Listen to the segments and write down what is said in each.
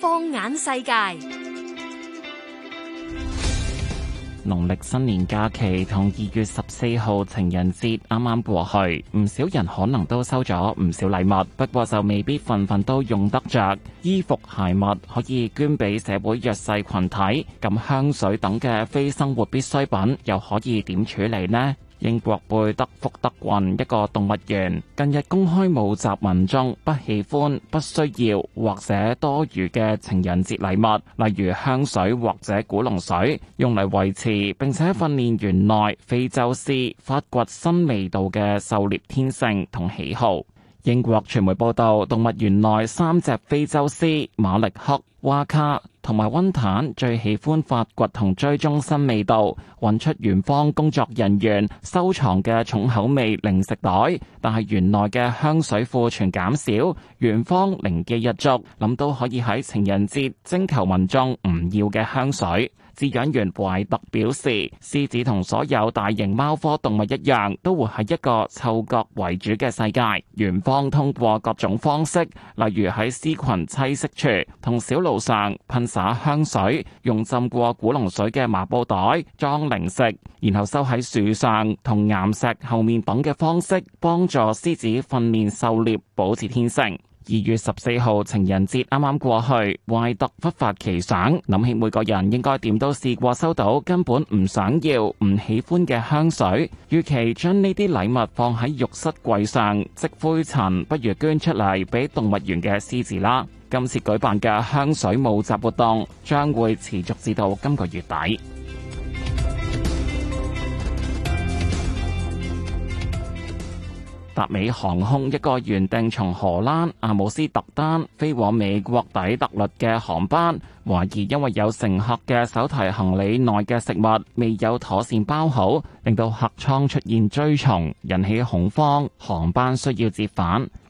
放眼世界，農曆新年假期同二月十四號情人節啱啱過去，唔少人可能都收咗唔少禮物，不過就未必份份都用得着。衣服鞋襪可以捐俾社會弱勢群體，咁香水等嘅非生活必需品又可以點處理呢？英國貝德福德郡一個動物園近日公開募集民眾，不喜歡、不需要或者多餘嘅情人節禮物，例如香水或者古龍水，用嚟維持並且訓練園內非洲獅發掘新味道嘅狩獵天性同喜好。英國傳媒報道，動物園內三隻非洲獅馬力克、哇卡同埋溫坦最喜歡發掘同追蹤新味道，揾出園方工作人員收藏嘅重口味零食袋，但係園內嘅香水庫存減少，園方靈機一觸，諗到可以喺情人節徵求民眾唔要嘅香水。飼養員懷特表示，獅子同所有大型貓科動物一樣，都活喺一個嗅覺為主嘅世界。園方通過各種方式，例如喺獅羣棲息處同小路上噴灑香水，用浸過古龍水嘅麻布袋裝零食，然後收喺樹上同岩石後面等嘅方式，幫助獅子訓練狩獵，保持天性。二月十四號情人節啱啱過去，懷特忽發奇想，諗起每個人應該點都試過收到根本唔想要、唔喜歡嘅香水，與其將呢啲禮物放喺浴室櫃上積灰塵，不如捐出嚟俾動物園嘅獅子啦。今次舉辦嘅香水募集活動將會持續至到今個月底。達美航空一個原定從荷蘭阿姆斯特丹飛往美國底特律嘅航班，懷疑因為有乘客嘅手提行李內嘅食物未有妥善包好，令到客艙出現蛆蟲，引起恐慌，航班需要折返。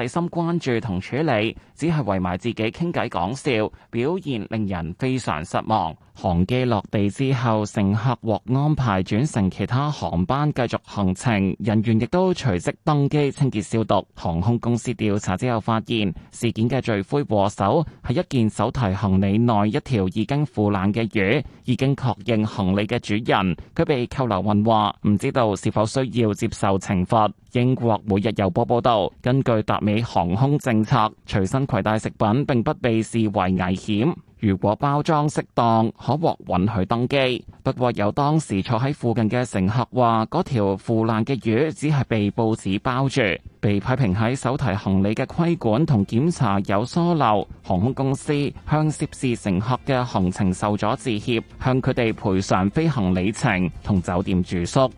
細心關注同處理，只係圍埋自己傾偈講笑，表現令人非常失望。航機落地之後，乘客獲安排轉乘其他航班繼續行程，人員亦都隨即登機清潔消毒。航空公司調查之後發現，事件嘅罪魁禍首係一件手提行李內一條已經腐爛嘅魚，已經確認行李嘅主人佢，被扣留問話，唔知道是否需要接受懲罰。英國每日郵報報道，根據達美航空政策隨身攜帶食品並不被視為危險，如果包裝適當，可獲允許登機。不過有當時坐喺附近嘅乘客話，嗰條腐爛嘅魚隻係被報紙包住，被批評喺手提行李嘅規管同檢查有疏漏。航空公司向涉事乘客嘅行程受阻致歉，向佢哋賠償飛行里程同酒店住宿。